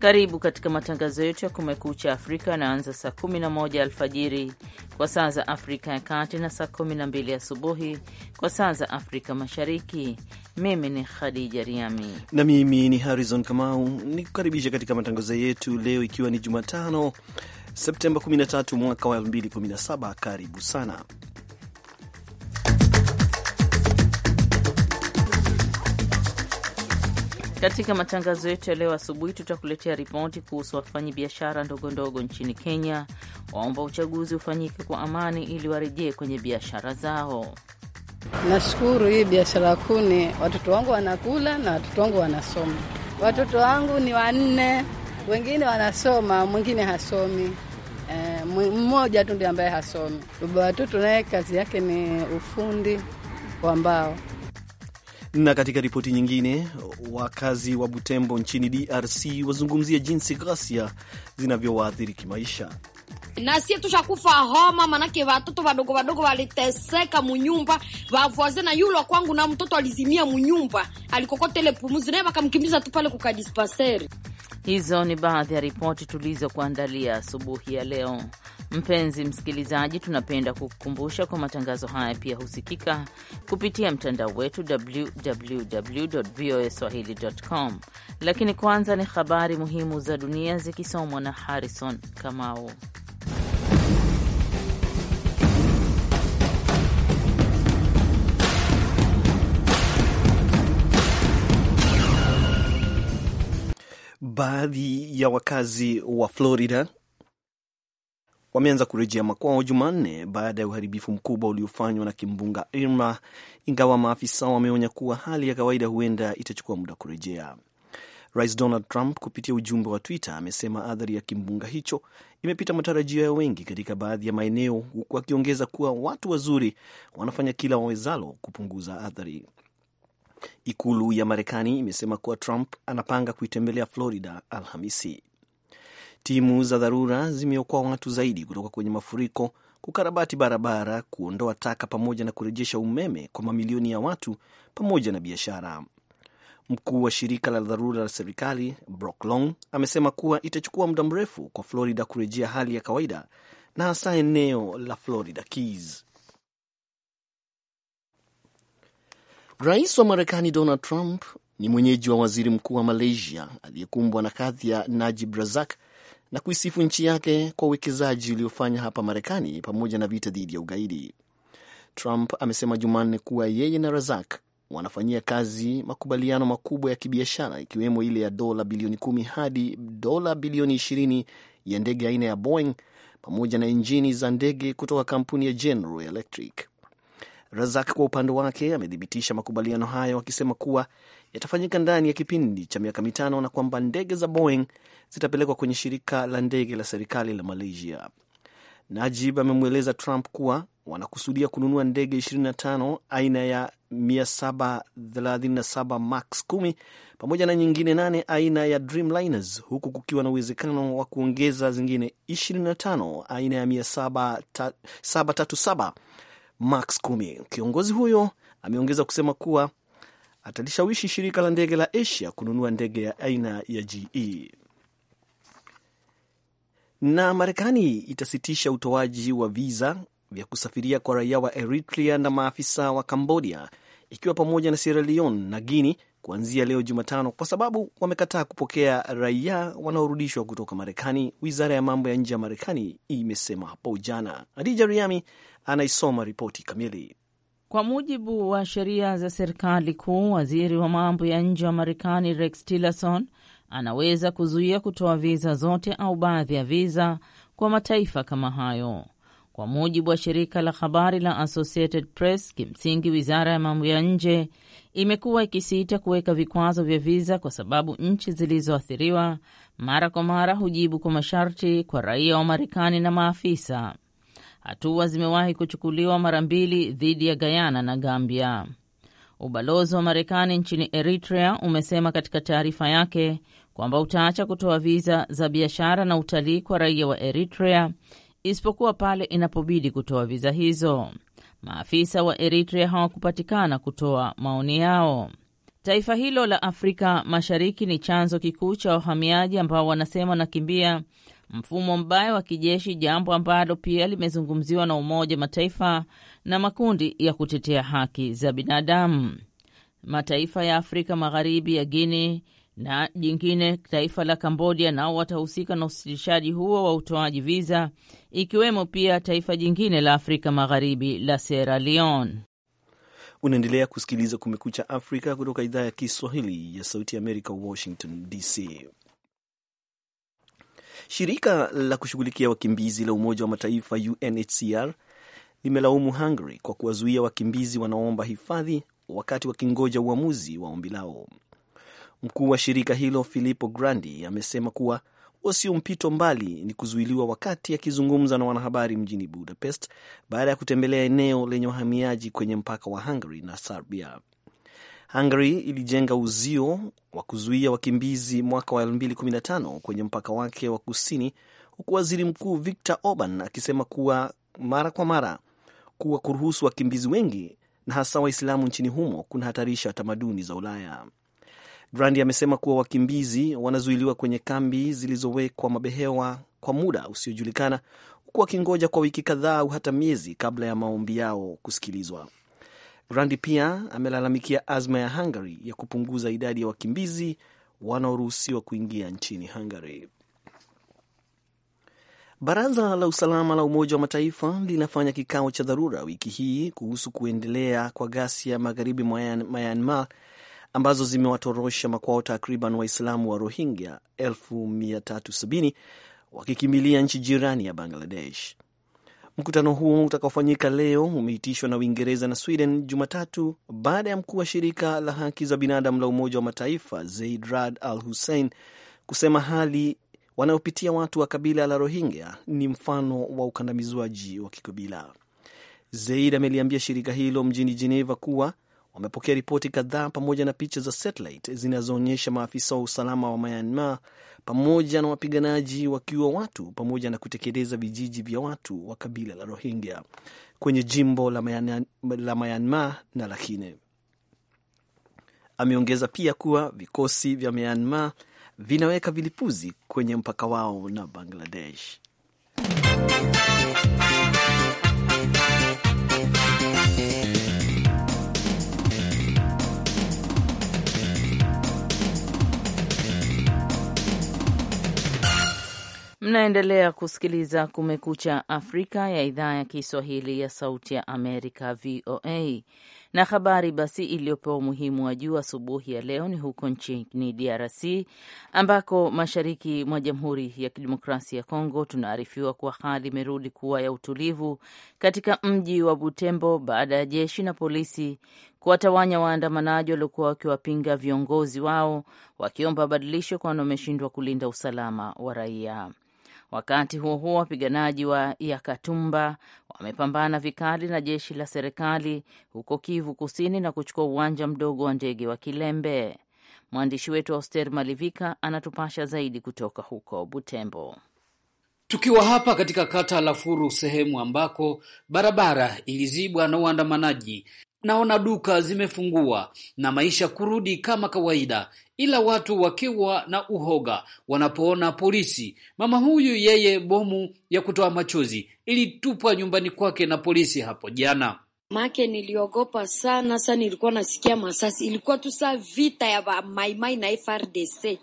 Karibu katika matangazo yetu ya Kumekucha Afrika yanaanza saa 11 alfajiri kwa saa za Afrika ya Kati na saa 12 asubuhi kwa saa za Afrika Mashariki. Mimi ni Khadija Riami na mimi ni Harrison Kamau, nikukaribisha katika matangazo yetu leo, ikiwa ni Jumatano Septemba 13 mwaka wa 2017. Karibu sana Katika matangazo yetu ya leo asubuhi, tutakuletea ripoti kuhusu wafanyi biashara ndogo ndogo nchini Kenya waomba uchaguzi ufanyike kwa amani ili warejee kwenye biashara zao. Nashukuru hii biashara kuni, watoto wangu wanakula na watoto wangu wanasoma. Watoto wangu ni wanne, wengine wanasoma, mwingine hasomi. E, mmoja tu ndi ambaye hasomi. Baba watoto naye kazi yake ni ufundi wa mbao. Na katika ripoti nyingine, wakazi wa Butembo nchini DRC wazungumzia jinsi ghasia zinavyowaathiri kimaisha. Na sie tushakufa homa, manake watoto wadogo wadogo waliteseka munyumba vavoaze, na yulo kwangu na mtoto alizimia munyumba alikokotele pumuzi, naye wakamkimbiza tu pale kukadispaseri. Hizo ni baadhi ya ripoti tulizokuandalia asubuhi ya leo. Mpenzi msikilizaji, tunapenda kukukumbusha kwa matangazo haya pia husikika kupitia mtandao wetu www voa swahili.com. Lakini kwanza ni habari muhimu za dunia zikisomwa na Harrison Kamau. Baadhi ya wakazi wa Florida wameanza kurejea makwao Jumanne baada ya uharibifu mkubwa uliofanywa na kimbunga Irma, ingawa maafisa wameonya kuwa hali ya kawaida huenda itachukua muda kurejea. Rais Donald Trump kupitia ujumbe wa Twitter amesema athari ya kimbunga hicho imepita matarajio ya wengi katika baadhi ya maeneo, huku akiongeza kuwa watu wazuri wanafanya kila wawezalo kupunguza athari. Ikulu ya Marekani imesema kuwa Trump anapanga kuitembelea Florida Alhamisi. Timu za dharura zimeokoa watu zaidi kutoka kwenye mafuriko, kukarabati barabara, kuondoa taka pamoja na kurejesha umeme kwa mamilioni ya watu pamoja na biashara. Mkuu wa shirika la dharura la serikali Brock Long amesema kuwa itachukua muda mrefu kwa Florida kurejea hali ya kawaida na hasa eneo la Florida Keys. Rais wa Marekani Donald Trump ni mwenyeji wa waziri mkuu wa Malaysia aliyekumbwa na kadhia Najib Razak na kuisifu nchi yake kwa uwekezaji uliofanya hapa Marekani pamoja na vita dhidi ya ugaidi. Trump amesema Jumanne kuwa yeye na Razak wanafanyia kazi makubaliano makubwa ya kibiashara ikiwemo ile ya dola bilioni kumi hadi dola bilioni ishirini ya ndege aina ya Boeing pamoja na injini za ndege kutoka kampuni ya General Electric. Razak kwa upande wake amethibitisha makubaliano hayo akisema kuwa yatafanyika ndani ya kipindi cha miaka mitano na kwamba ndege za Boeing zitapelekwa kwenye shirika la ndege la serikali la Malaysia. Najib amemweleza Trump kuwa wanakusudia kununua ndege 25 aina ya 737 max 10 pamoja na nyingine nane aina ya Dreamliners, huku kukiwa na uwezekano wa kuongeza zingine 25 aina ya 737 max 10. Kiongozi huyo ameongeza kusema kuwa atalishawishi shirika la ndege la Asia kununua ndege ya aina ya GE. Na Marekani itasitisha utoaji wa viza vya kusafiria kwa raia wa Eritrea na maafisa wa Cambodia ikiwa pamoja na Sierra Leone na Guinea kuanzia leo Jumatano kwa sababu wamekataa kupokea raia wanaorudishwa kutoka Marekani, wizara ya mambo ya nje ya Marekani imesema hapo jana. Adija Riami anaisoma ripoti kamili. Kwa mujibu wa sheria za serikali kuu, waziri wa mambo ya nje wa Marekani Rex Tillerson anaweza kuzuia kutoa viza zote au baadhi ya viza kwa mataifa kama hayo. Kwa mujibu wa shirika la habari la Associated Press, kimsingi wizara ya mambo ya nje imekuwa ikisita kuweka vikwazo vya viza kwa sababu nchi zilizoathiriwa mara kwa mara hujibu kwa masharti kwa raia wa Marekani na maafisa. Hatua zimewahi kuchukuliwa mara mbili dhidi ya Guyana na Gambia. Ubalozi wa Marekani nchini Eritrea umesema katika taarifa yake kwamba utaacha kutoa viza za biashara na utalii kwa raia wa Eritrea isipokuwa pale inapobidi kutoa viza hizo. Maafisa wa Eritrea hawakupatikana kutoa maoni yao. Taifa hilo la Afrika Mashariki ni chanzo kikuu cha wahamiaji ambao wanasema wanakimbia mfumo mbaya wa kijeshi, jambo ambalo pia limezungumziwa na Umoja Mataifa na makundi ya kutetea haki za binadamu. Mataifa ya Afrika Magharibi ya Guinea, na jingine taifa la Kambodia nao watahusika na usitishaji huo wa utoaji viza, ikiwemo pia taifa jingine la Afrika Magharibi la Sierra Leone. Unaendelea kusikiliza Kumekucha Afrika kutoka idhaa ya Kiswahili ya Sauti ya Amerika, Washington DC. Shirika la kushughulikia wakimbizi la Umoja wa Mataifa UNHCR limelaumu Hungary kwa kuwazuia wakimbizi wanaoomba hifadhi wakati wakingoja uamuzi wa ombi lao. Mkuu wa shirika hilo Filippo Grandi amesema kuwa huo sio mpito, mbali ni kuzuiliwa, wakati akizungumza na wanahabari mjini Budapest baada ya kutembelea eneo lenye wahamiaji kwenye mpaka wa Hungary na Serbia. Hungary ilijenga uzio wa kuzuia wakimbizi mwaka wa 2015 kwenye mpaka wake wa kusini, huku waziri mkuu Viktor Orban akisema kuwa mara kwa mara kuwa kuruhusu wakimbizi wengi na hasa Waislamu nchini humo kunahatarisha tamaduni za Ulaya. Grandi amesema kuwa wakimbizi wanazuiliwa kwenye kambi zilizowekwa mabehewa kwa muda usiojulikana huku wakingoja kwa wiki kadhaa au hata miezi kabla ya maombi yao kusikilizwa. Grandi pia amelalamikia azma ya Hungary ya kupunguza idadi ya wakimbizi wanaoruhusiwa kuingia nchini Hungary. Baraza la usalama la Umoja wa Mataifa linafanya kikao cha dharura wiki hii kuhusu kuendelea kwa ghasia magharibi mwa Myanmar ambazo zimewatorosha makwao takriban Waislamu wa Rohingya 370 wakikimbilia nchi jirani ya Bangladesh. Mkutano huo utakaofanyika leo umeitishwa na Uingereza na Sweden Jumatatu baada ya mkuu wa shirika la haki za binadamu la Umoja wa Mataifa Zeid Rad Al Hussein kusema hali wanayopitia watu wa kabila la Rohingya ni mfano wa ukandamizwaji wa kikabila. Zeid ameliambia shirika hilo mjini Geneva kuwa wamepokea ripoti kadhaa pamoja na picha za satellite zinazoonyesha maafisa wa usalama wa Myanmar pamoja na wapiganaji wakiua watu pamoja na kutekeleza vijiji vya watu wa kabila la Rohingya kwenye jimbo la Myanmar, la Myanmar na Rakhine. Ameongeza pia kuwa vikosi vya Myanmar vinaweka vilipuzi kwenye mpaka wao na Bangladesh. Mnaendelea kusikiliza Kumekucha Afrika ya idhaa ya Kiswahili ya Sauti ya Amerika, VOA. Na habari basi iliyopewa umuhimu wa juu asubuhi ya leo ni huko nchini DRC ambako mashariki mwa Jamhuri ya Kidemokrasia ya Kongo tunaarifiwa kuwa hali imerudi kuwa ya utulivu katika mji wa Butembo baada ya jeshi na polisi kuwatawanya waandamanaji waliokuwa wakiwapinga viongozi wao wakiomba badilisho kwani wameshindwa kulinda usalama wa raia. Wakati huo huo, wapiganaji wa Yakatumba wamepambana vikali na jeshi la serikali huko Kivu Kusini na kuchukua uwanja mdogo wa ndege wa Kilembe. Mwandishi wetu Auster Malivika anatupasha zaidi kutoka huko Butembo. Tukiwa hapa katika kata la Furu, sehemu ambako barabara ilizibwa na uandamanaji, Naona duka zimefungua na maisha kurudi kama kawaida, ila watu wakiwa na uhoga wanapoona polisi. Mama huyu yeye, bomu ya kutoa machozi ilitupwa nyumbani kwake na polisi hapo jana. Make niliogopa sana sana, nilikuwa nasikia masasi, ilikuwa tu saa vita ya maimai na FRDC.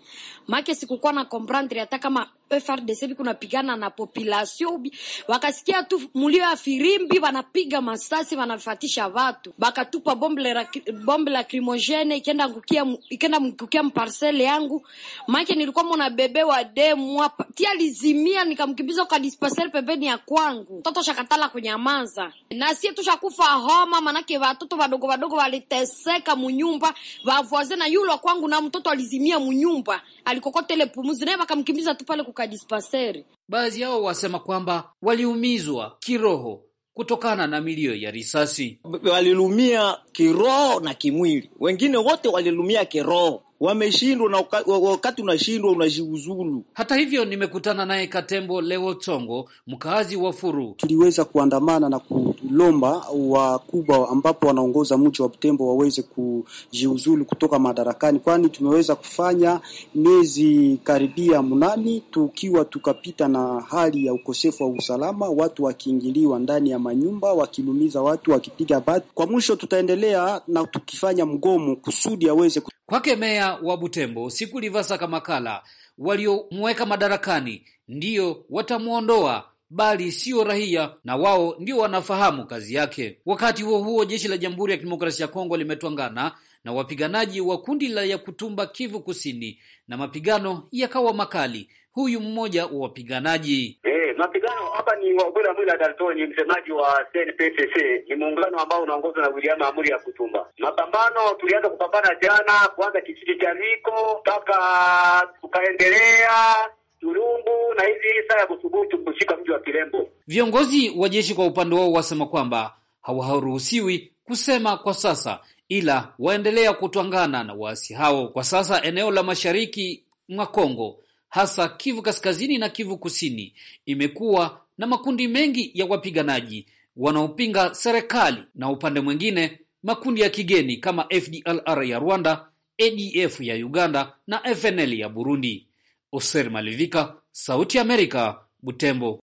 Make sikukuwa na comprendre hata kama FRDC biko napigana na population, bi, wakasikia tu mulio ya firimbi, wanapiga masasi, wanafatisha watu, bakatupa bombe la krimogene ikenda ngukia ikenda mkukia mparcele yangu maake nilikuwa mwana bebe wa demu hapa tia lizimia, nikamkimbiza kwa dispenseri pembeni ya kwangu. Toto shakatala kunyamaza na sie tushakufa homa, manake watoto wadogo wadogo waliteseka munyumba vavoaze na yulo kwangu na mtoto alizimia munyumba alikokotele pumuzi naye wakamkimbiza tu pale kutoka dispaseri. Baadhi yao wasema kwamba waliumizwa kiroho kutokana na milio ya risasi. Walilumia kiroho na kimwili, wengine wote walilumia kiroho wameshindwa na wakati unashindwa unajiuzulu. Hata hivyo, nimekutana naye Katembo Leo Tongo, mkaazi wa Furu. Tuliweza kuandamana na kulomba wakubwa ambapo wanaongoza mji wa Butembo waweze kujiuzulu kutoka madarakani, kwani tumeweza kufanya miezi karibia mnani tukiwa tukapita na hali ya ukosefu wa usalama, watu wakiingiliwa ndani ya manyumba, wakilumiza watu, wakipiga bati. Kwa mwisho, tutaendelea na tukifanya mgomo kusudi aweze kwake meya wa Butembo siku Livasa Kamakala waliomweka madarakani ndiyo watamwondoa bali sio raia, na wao ndio wanafahamu kazi yake. Wakati huo huo, jeshi la Jamhuri ya Kidemokrasia ya Kongo limetwangana na wapiganaji wa kundi la Yakutumba Kivu Kusini, na mapigano yakawa makali. Huyu mmoja wa wapiganaji Mapigano hapa ni Wabula Mwila ni msemaji wa CNPCC. Ni muungano ambao unaongozwa na William Amuri ya Kutumba. Mapambano tulianza kupambana jana, kuanza kijiji cha Riko mpaka tukaendelea Turungu na hizi saa ya kusubutu kushika mji wa Kilembo. Viongozi wa jeshi kwa upande wao wasema kwamba hawaruhusiwi kusema kwa sasa, ila waendelea kutwangana na waasi hao. Kwa sasa eneo la mashariki mwa Kongo hasa Kivu Kaskazini na Kivu Kusini, imekuwa na makundi mengi ya wapiganaji wanaopinga serikali na upande mwingine makundi ya kigeni kama FDLR ya Rwanda, ADF ya Uganda na FNL ya Burundi. Oser Malivika, Sauti ya Amerika, Butembo.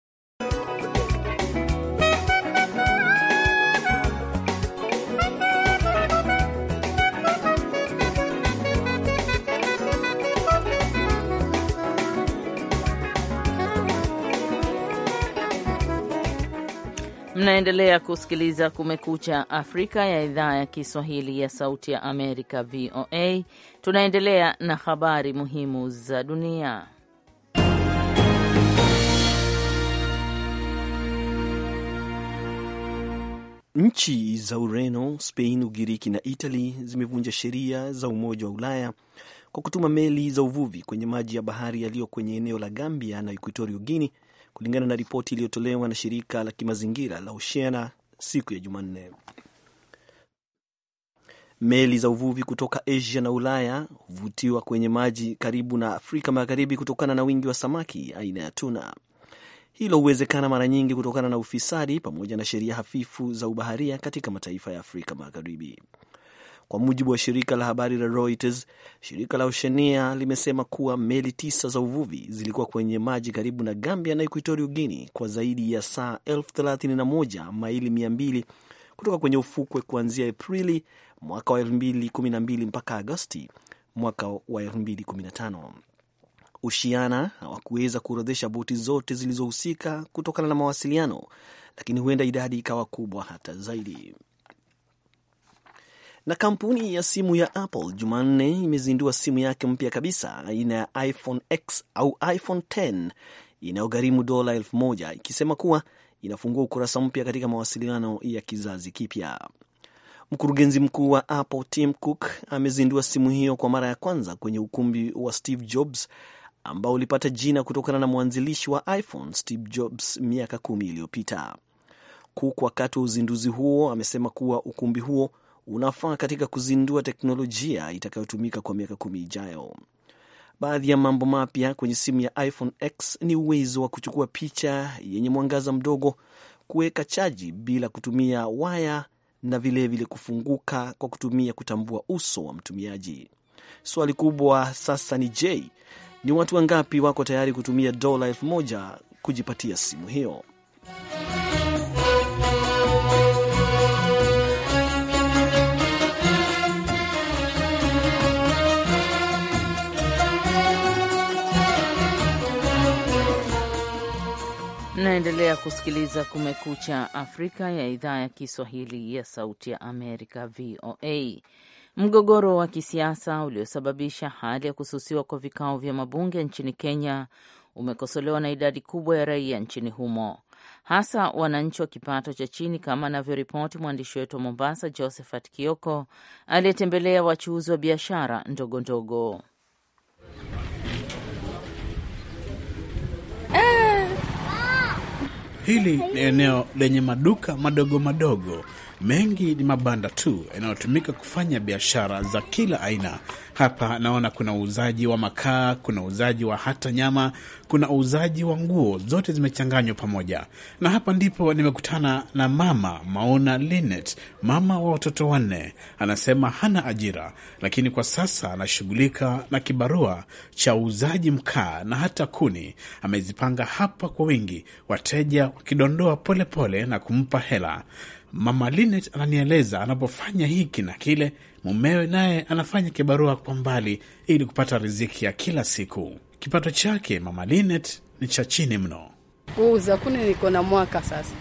Mnaendelea kusikiliza Kumekucha Afrika ya idhaa ya Kiswahili ya Sauti ya Amerika, VOA. Tunaendelea na habari muhimu za dunia. Nchi za Ureno, Spain, Ugiriki na Italy zimevunja sheria za Umoja wa Ulaya kwa kutuma meli za uvuvi kwenye maji ya bahari yaliyo kwenye eneo la Gambia na equitorio Guini kulingana na ripoti iliyotolewa na shirika la kimazingira la Oceana siku ya Jumanne. Meli za uvuvi kutoka Asia na Ulaya huvutiwa kwenye maji karibu na Afrika Magharibi kutokana na wingi wa samaki aina ya tuna. Hilo huwezekana mara nyingi kutokana na ufisadi pamoja na sheria hafifu za ubaharia katika mataifa ya Afrika Magharibi. Kwa mujibu wa shirika la habari la Reuters, shirika la Oshenia limesema kuwa meli tisa za uvuvi zilikuwa kwenye maji karibu na Gambia na Equatorial Guinea kwa zaidi ya saa 31 maili 200 kutoka kwenye ufukwe kuanzia Aprili mwaka wa 2012 mpaka Agosti mwaka wa 2015. ushiana hawakuweza kuorodhesha boti zote zilizohusika kutokana na mawasiliano, lakini huenda idadi ikawa kubwa hata zaidi. Na kampuni ya simu ya Apple Jumanne imezindua simu yake mpya kabisa aina ya iPhone X au iPhone 10 inayogharimu dola elfu moja ikisema kuwa inafungua ukurasa mpya katika mawasiliano ya kizazi kipya. Mkurugenzi mkuu wa Apple Tim Cook amezindua simu hiyo kwa mara ya kwanza kwenye ukumbi wa Steve Jobs ambao ulipata jina kutokana na mwanzilishi wa iPhone Steve Jobs miaka kumi iliyopita. Cook wakati wa uzinduzi huo amesema kuwa ukumbi huo unafaa katika kuzindua teknolojia itakayotumika kwa miaka kumi ijayo. Baadhi ya mambo mapya kwenye simu ya iPhone X ni uwezo wa kuchukua picha yenye mwangaza mdogo, kuweka chaji bila kutumia waya na vilevile vile kufunguka kwa kutumia kutambua uso wa mtumiaji. Swali kubwa sasa ni je, ni watu wangapi wako tayari kutumia dola elfu moja kujipatia simu hiyo? Mnaendelea kusikiliza Kumekucha Afrika ya idhaa ya Kiswahili ya Sauti ya Amerika, VOA. Mgogoro wa kisiasa uliosababisha hali ya kususiwa kwa vikao vya mabunge nchini Kenya umekosolewa na idadi kubwa ya raia nchini humo, hasa wananchi wa kipato cha chini, kama anavyoripoti mwandishi wetu wa Mombasa, Josephat Kioko, aliyetembelea wachuuzi wa biashara ndogo ndogo. Hili ni eneo lenye maduka madogo madogo mengi ni mabanda tu yanayotumika kufanya biashara za kila aina. Hapa naona kuna uuzaji wa makaa, kuna uuzaji wa hata nyama, kuna uuzaji wa nguo, zote zimechanganywa pamoja. Na hapa ndipo nimekutana na mama Maona Linet, mama wa watoto wanne. Anasema hana ajira, lakini kwa sasa anashughulika na kibarua cha uuzaji mkaa na hata kuni. Amezipanga hapa kwa wingi, wateja wakidondoa polepole na kumpa hela. Mama Linet ananieleza anapofanya hiki na kile, mumewe naye anafanya kibarua kwa mbali ili kupata riziki ya kila siku. Kipato chake Mama Linet ni cha chini mno. Kuuza kuni niko na mwaka sasa.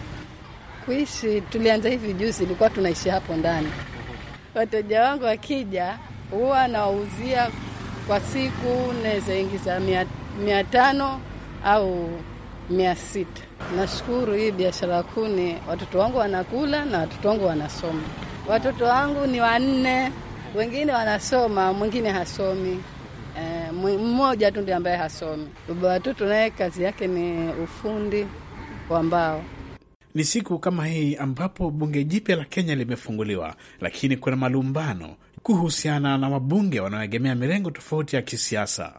Kuishi tulianza hivi juzi, ilikuwa tunaishi hapo ndani. Wateja wangu wakija, huwa nawauzia kwa siku, naweza ingiza mia, mia tano au mia sita. Nashukuru hii biashara kuni, watoto wangu wanakula na watoto wangu wanasoma. Watoto wangu ni wanne, wengine wanasoma, mwingine hasomi. E, mmoja tu ndio ambaye hasomi. Baba watoto naye kazi yake ni ufundi wa mbao. Ni siku kama hii ambapo bunge jipya la Kenya limefunguliwa, lakini kuna malumbano kuhusiana na wabunge wanaoegemea mirengo tofauti ya kisiasa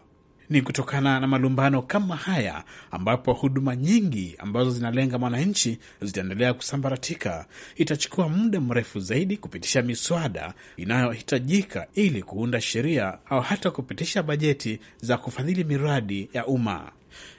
ni kutokana na malumbano kama haya, ambapo huduma nyingi ambazo zinalenga mwananchi zitaendelea kusambaratika. Itachukua muda mrefu zaidi kupitisha miswada inayohitajika ili kuunda sheria au hata kupitisha bajeti za kufadhili miradi ya umma.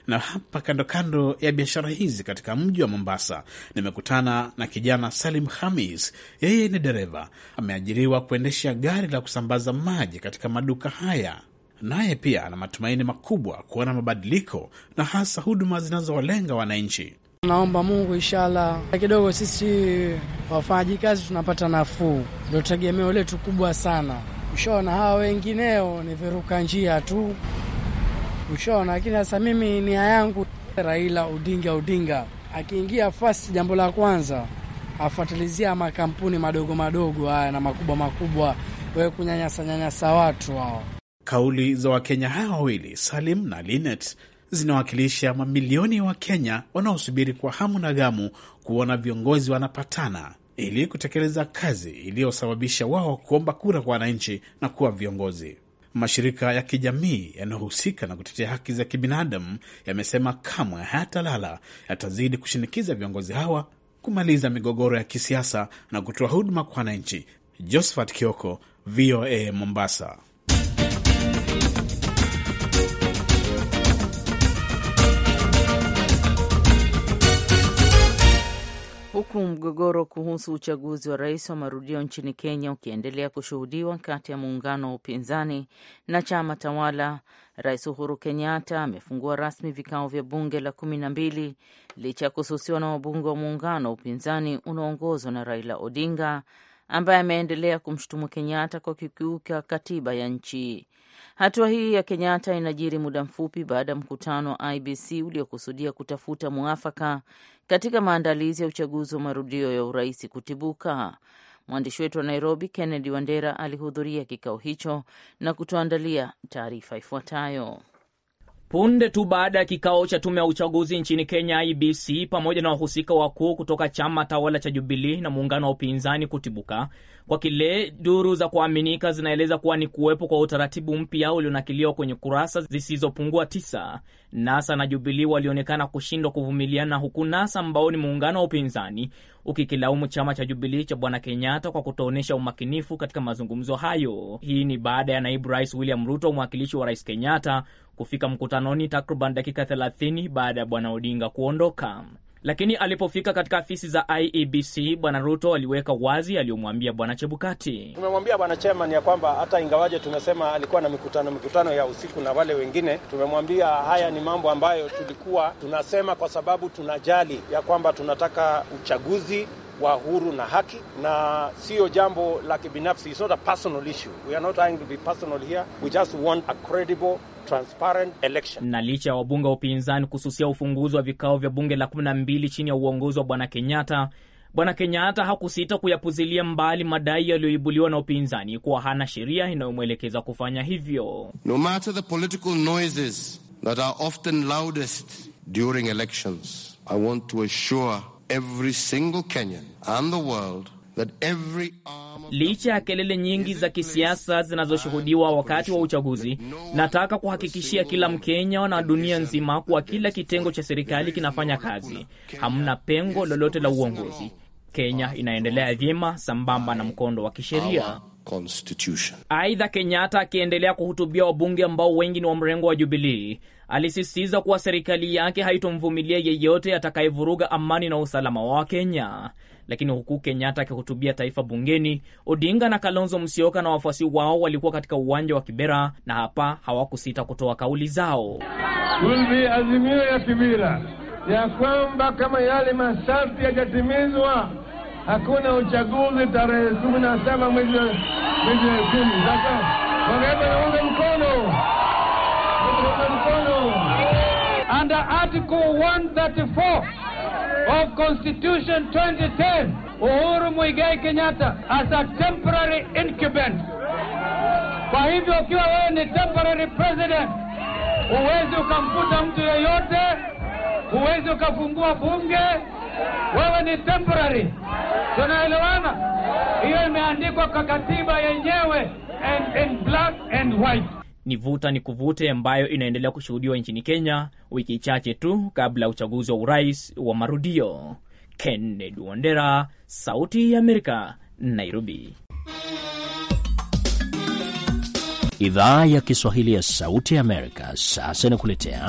Na hapa kando kando ya biashara hizi katika mji wa Mombasa, nimekutana na kijana Salim hamis Yeye ni dereva, ameajiriwa kuendesha gari la kusambaza maji katika maduka haya naye pia ana matumaini makubwa kuona mabadiliko na hasa huduma zinazowalenga wananchi. Naomba Mungu inshallah, kidogo sisi wafanyaji kazi tunapata nafuu, ndio tegemeo letu kubwa sana. Ushaona, hawa wengineo ni viruka njia tu, ushaona. Lakini sasa mimi nia yangu Raila Odinga Odinga akiingia fast, jambo la kwanza afuatilizia makampuni madogo madogo haya na makubwa makubwa, wewe kunyanyasa nyanyasa watu hao Kauli za Wakenya hawa wawili Salim na Linet zinawakilisha mamilioni wa Kenya wanaosubiri kwa hamu na gamu kuona viongozi wanapatana ili kutekeleza kazi iliyosababisha wao kuomba kura kwa wananchi na kuwa viongozi. Mashirika ya kijamii yanayohusika na kutetea haki za kibinadamu yamesema kamwe hayatalala, yatazidi kushinikiza viongozi hawa kumaliza migogoro ya kisiasa na kutoa huduma kwa wananchi. Josephat Kioko, VOA Mombasa. Huku mgogoro kuhusu uchaguzi wa rais wa marudio nchini Kenya ukiendelea kushuhudiwa kati ya muungano wa upinzani na chama tawala, Rais Uhuru Kenyatta amefungua rasmi vikao vya bunge la kumi na mbili licha ya kususiwa na wabunge wa muungano wa upinzani unaoongozwa na Raila Odinga ambaye ameendelea kumshutumu Kenyatta kwa kukiuka katiba ya nchi. Hatua hii ya Kenyatta inajiri muda mfupi baada ya mkutano wa IBC uliokusudia kutafuta mwafaka katika maandalizi ya uchaguzi wa marudio ya urais kutibuka. Mwandishi wetu wa Nairobi, Kennedy Wandera, alihudhuria kikao hicho na kutuandalia taarifa ifuatayo. Punde tu baada ya kikao cha tume ya uchaguzi nchini Kenya, IBC, pamoja na wahusika wakuu kutoka chama tawala cha Jubilii na muungano wa upinzani kutibuka, kwa kile duru za kuaminika zinaeleza kuwa ni kuwepo kwa utaratibu mpya ulionakiliwa kwenye kurasa zisizopungua tisa. NASA na Jubilii walionekana kushindwa kuvumiliana, huku NASA ambao ni muungano wa upinzani ukikilaumu chama cha Jubilii cha Bwana Kenyatta kwa kutoonyesha umakinifu katika mazungumzo hayo. Hii ni baada ya naibu rais William Ruto, mwakilishi wa rais Kenyatta, kufika mkutanoni takriban dakika 30 baada ya Bwana Odinga kuondoka. Lakini alipofika katika afisi za IEBC, Bwana Ruto aliweka wazi aliyomwambia Bwana Chebukati. Tumemwambia Bwana Chairman ya kwamba hata ingawaje tumesema alikuwa na mikutano mikutano ya usiku na wale wengine, tumemwambia haya ni mambo ambayo tulikuwa tunasema kwa sababu tunajali ya kwamba tunataka uchaguzi wa huru na haki na sio jambo la kibinafsi. It's not a personal issue. We are not trying to be personal here. We just want a credible transparent election. Na licha ya wabunge wa upinzani kususia ufunguzi wa vikao vya bunge la 12 chini ya uongozi wa bwana Kenyatta, bwana Kenyatta hakusita kuyapuzilia mbali madai yaliyoibuliwa na upinzani kuwa hana sheria inayomwelekeza kufanya hivyo. No matter the political noises that are often loudest during elections, I want to assure every single Kenyan and the world Licha ya kelele nyingi za kisiasa zinazoshuhudiwa wakati wa uchaguzi, nataka kuhakikishia kila Mkenya na dunia nzima kuwa kila kitengo cha serikali kinafanya kazi. Hamna pengo lolote la uongozi. Kenya inaendelea vyema sambamba na mkondo wa kisheria. Aidha, Kenyatta akiendelea kuhutubia wabunge ambao wengi ni wa mrengo wa Jubilii, alisisitiza kuwa serikali yake haitomvumilia yeyote atakayevuruga amani na usalama wa Wakenya. Lakini huku Kenyatta akihutubia taifa bungeni, Odinga na Kalonzo Musyoka na wafuasi wao walikuwa katika uwanja wa Kibera na hapa hawakusita kutoa kauli zao. Azimio ya Kibera ya kwamba kama yale masharti yajatimizwa hakuna uchaguzi tarehe kumi na saba mwezi wa kumi. Sasa wangeweza naunga mkono naunga mkono under article 134 of Constitution 2010, Uhuru Muigai Kenyatta as a temporary incumbent. Kwa hivyo ukiwa wewe ni temporary president, huwezi ukamfuta mtu yeyote, huwezi ukafungua bunge, wewe ni temporary. Tunaelewana? Hiyo imeandikwa kwa katiba yenyewe and in black and white ni vuta ni kuvute ambayo inaendelea kushuhudiwa nchini Kenya wiki chache tu kabla ya uchaguzi wa urais wa marudio. Kennedy Wandera, Sauti ya Amerika, Nairobi. Idhaa ya Kiswahili ya Sauti ya Amerika sasa inakuletea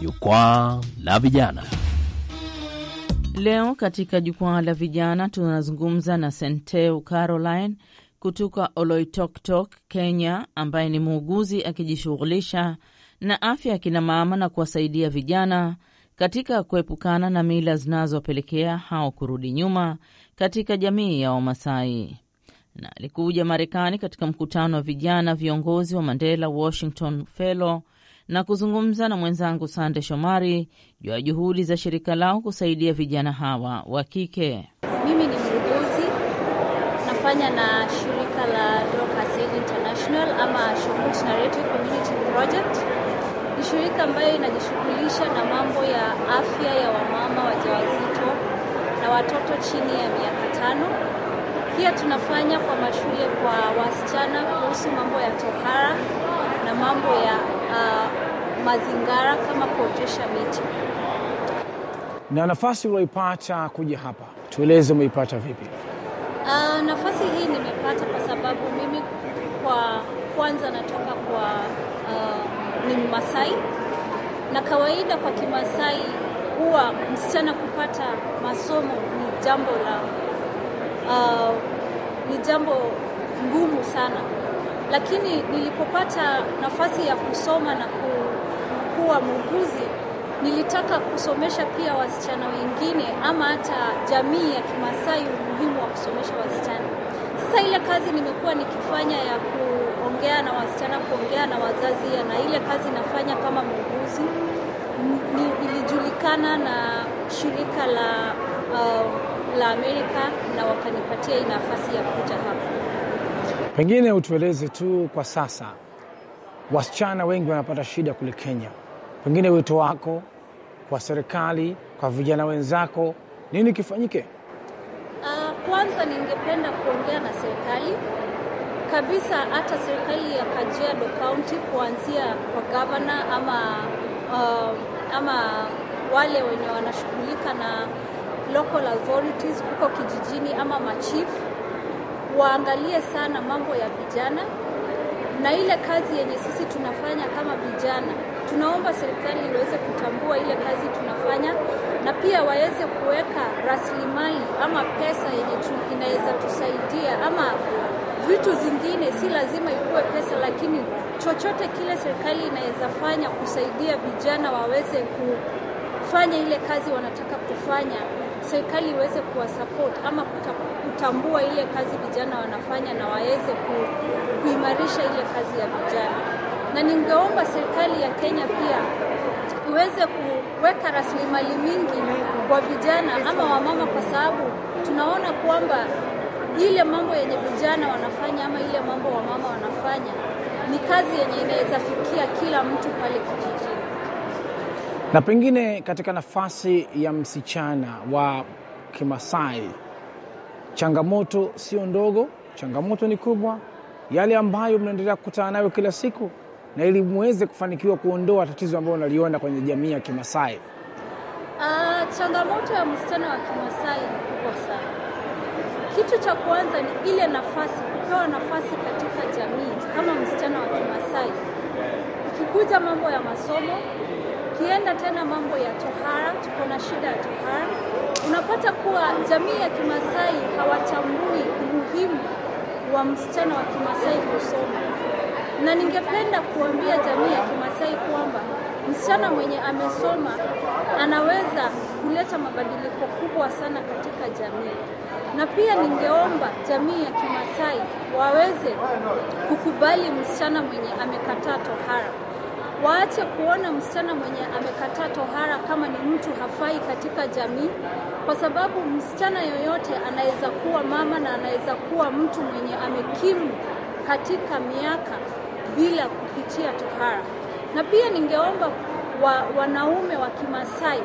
Jukwaa la Vijana. Leo katika jukwaa la vijana tunazungumza na Senteu Caroline kutoka Oloitoktok, Kenya, ambaye ni muuguzi akijishughulisha na afya ya kinamama mama na kuwasaidia vijana katika kuepukana na mila zinazopelekea hao kurudi nyuma katika jamii ya Wamasai na alikuja Marekani katika mkutano wa vijana viongozi wa Mandela Washington Fellow na kuzungumza na mwenzangu Sande Shomari juu ya juhudi za shirika lao kusaidia vijana hawa wa kike. Mimi ni muuguzi, nafanya na shirika la International ama Shoot Narrative Community Project. Ni shirika ambayo inajishughulisha na mambo ya afya ya wamama wajawazito na watoto chini ya miaka tano. Pia tunafanya kwa mashule kwa wasichana kuhusu mambo ya tohara na mambo ya Uh, mazingara mazingira kama kuotesha miti. Na nafasi ulioipata kuja hapa, tueleze umeipata vipi? Uh, nafasi hii nimepata kwa sababu mimi kwa kwanza natoka kwa uh, ni Masai na kawaida kwa Kimasai huwa msichana kupata masomo ni jambo la uh, ni jambo ngumu sana lakini nilipopata nafasi ya kusoma na kuwa muuguzi nilitaka kusomesha pia wasichana wengine ama hata jamii ya Kimasai umuhimu wa kusomesha wasichana. Sasa ile kazi nimekuwa nikifanya ya kuongea na wasichana, kuongea na wazazi, na ile kazi nafanya kama muuguzi nilijulikana na shirika la, uh, la Amerika na wakanipatia nafasi ya kuja hapa. Pengine utueleze tu kwa sasa, wasichana wengi wanapata shida kule Kenya, pengine wito wako kwa serikali, kwa vijana wenzako, nini kifanyike? Uh, kwanza ningependa kuongea na serikali kabisa, hata serikali ya Kajiado County kuanzia kwa gavana ama, uh, ama wale wenye wanashughulika na local authorities huko kijijini ama machifu waangalie sana mambo ya vijana na ile kazi yenye sisi tunafanya kama vijana. Tunaomba serikali iweze kutambua ile kazi tunafanya, na pia waweze kuweka rasilimali ama pesa yenye inaweza tusaidia ama vitu zingine. Si lazima ikuwe pesa, lakini chochote kile serikali inaweza fanya kusaidia vijana waweze kufanya ile kazi wanataka kufanya serikali iweze kuwasupport ama kutambua ile kazi vijana wanafanya na waweze ku, kuimarisha ile kazi ya vijana, na ningeomba serikali ya Kenya pia iweze kuweka rasilimali mingi kwa vijana ama wamama, kwa sababu tunaona kwamba ile mambo yenye vijana wanafanya ama ile mambo wamama wanafanya ni kazi yenye inaweza fikia kila mtu pale kijijini. Na pengine katika nafasi ya msichana wa Kimasai, changamoto sio ndogo, changamoto ni kubwa, yale ambayo mnaendelea kukutana nayo kila siku, na ili muweze kufanikiwa kuondoa tatizo ambayo unaliona kwenye jamii ya Kimasai. Uh, changamoto ya msichana wa Kimasai ni kubwa sana. Kitu cha kwanza ni ile nafasi, kupewa nafasi katika jamii. Kama msichana wa Kimasai, ukikuja mambo ya masomo ukienda tena mambo ya tohara, tuko na shida ya tohara, unapata kuwa jamii ya Kimasai hawatambui umuhimu wa msichana wa Kimasai kusoma, na ningependa kuambia jamii ya Kimasai kwamba msichana mwenye amesoma anaweza kuleta mabadiliko kubwa sana katika jamii, na pia ningeomba jamii ya Kimasai waweze kukubali msichana mwenye amekataa tohara waache kuona msichana mwenye amekataa tohara kama ni mtu hafai katika jamii, kwa sababu msichana yoyote anaweza kuwa mama na anaweza kuwa mtu mwenye amekimu katika miaka bila kupitia tohara. Na pia ningeomba wa, wanaume wa Kimasai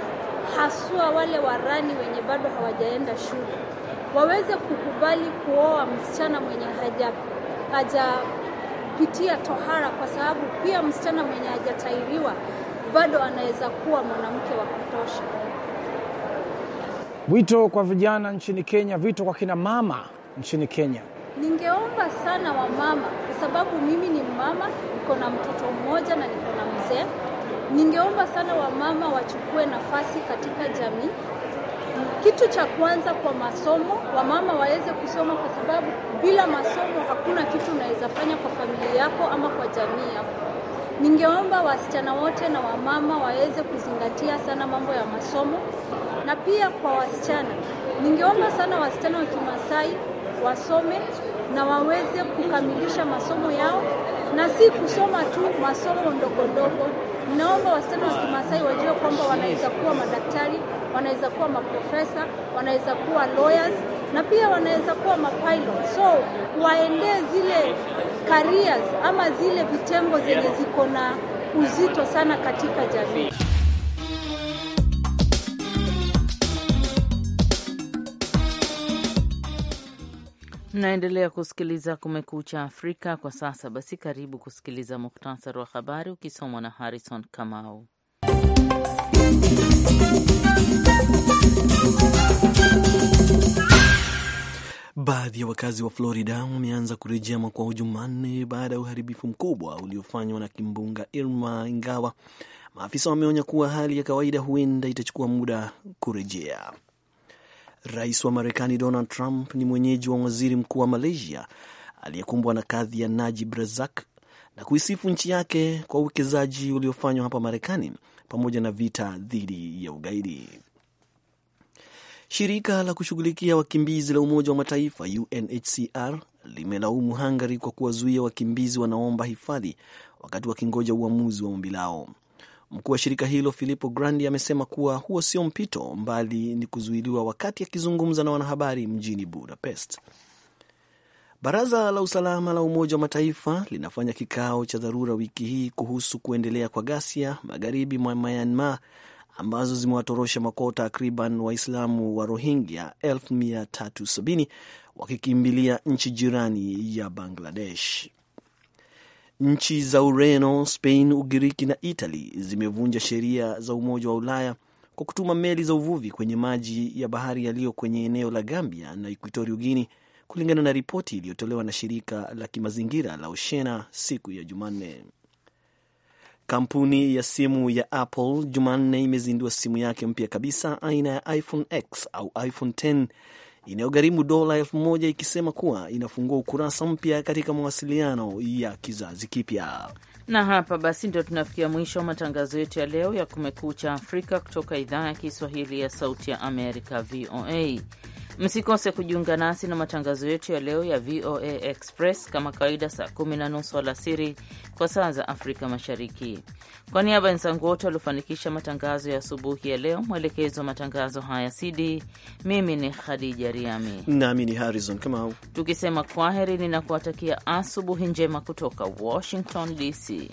haswa wale warani wenye bado hawajaenda shule waweze kukubali kuoa msichana mwenye hajapata haja kupitia tohara, kwa sababu pia msichana mwenye hajatahiriwa bado anaweza kuwa mwanamke wa kutosha. Wito kwa vijana nchini Kenya, wito kwa kina mama nchini Kenya. Ningeomba sana wamama, kwa sababu mimi ni mama, niko na mtoto mmoja na niko na mzee. Ningeomba sana wamama wachukue nafasi katika jamii kitu cha kwanza kwa masomo, wamama waweze kusoma, kwa sababu bila masomo hakuna kitu unaweza fanya kwa familia yako ama kwa jamii yako. Ningeomba wasichana wote na wamama waweze kuzingatia sana mambo ya masomo, na pia kwa wasichana, ningeomba sana wasichana wa Kimasai wasome na waweze kukamilisha masomo yao, na si kusoma tu masomo ndogo ndogo. Ninaomba wasichana wa Kimasai wajue kwamba wanaweza kuwa madaktari wanaweza kuwa maprofesa, wanaweza kuwa lawyers na pia wanaweza kuwa mapilot, so waendee zile careers ama zile vitengo zenye ziko na uzito sana katika jamii. Naendelea kusikiliza Kumekucha Afrika kwa sasa. Basi karibu kusikiliza muhtasari wa habari ukisomwa na Harrison Kamau. Baadhi ya wakazi wa Florida wameanza kurejea makwao Jumanne baada ya uharibifu mkubwa uliofanywa na kimbunga Irma, ingawa maafisa wameonya kuwa hali ya kawaida huenda itachukua muda kurejea. Rais wa Marekani Donald Trump ni mwenyeji wa waziri mkuu wa Malaysia aliyekumbwa na kadhi ya Najib Razak na kuisifu nchi yake kwa uwekezaji uliofanywa hapa Marekani pamoja na vita dhidi ya ugaidi. Shirika la kushughulikia wakimbizi la Umoja wa Mataifa UNHCR limelaumu Hungary kwa kuwazuia wakimbizi wanaomba hifadhi wakati wakingoja uamuzi wa ombi lao. Mkuu wa shirika hilo Filippo Grandi amesema kuwa huo sio mpito, mbali ni kuzuiliwa, wakati akizungumza na wanahabari mjini Budapest. Baraza la usalama la Umoja wa Mataifa linafanya kikao cha dharura wiki hii kuhusu kuendelea kwa ghasia magharibi mwa Myanmar ambazo zimewatorosha makoo takriban Waislamu wa Rohingya 370 wakikimbilia nchi jirani ya Bangladesh. Nchi za Ureno, Spain, Ugiriki na Itali zimevunja sheria za Umoja wa Ulaya kwa kutuma meli za uvuvi kwenye maji ya bahari yaliyo kwenye eneo la Gambia na Equatorio Guini, kulingana na ripoti iliyotolewa na shirika la kimazingira la Oshena siku ya Jumanne. Kampuni ya simu ya Apple Jumanne imezindua simu yake mpya kabisa aina ya iPhone X au iPhone 10 inayogharimu dola elfu moja ikisema kuwa inafungua ukurasa mpya katika mawasiliano ya kizazi kipya. Na hapa basi ndio tunafikia mwisho wa matangazo yetu ya leo ya Kumekucha Afrika kutoka idhaa ya Kiswahili ya Sauti ya Amerika, VOA. Msikose kujiunga nasi na matangazo yetu ya leo ya VOA Express kama kawaida, saa kumi na nusu alasiri kwa saa za Afrika Mashariki. Kwa niaba ya wenzangu wote waliofanikisha matangazo ya asubuhi ya leo, mwelekezi wa matangazo haya CD, mimi ni Khadija Riami nami ni Harrison Kamau, tukisema kwaheri, ninakuwatakia asubuhi njema kutoka Washington DC.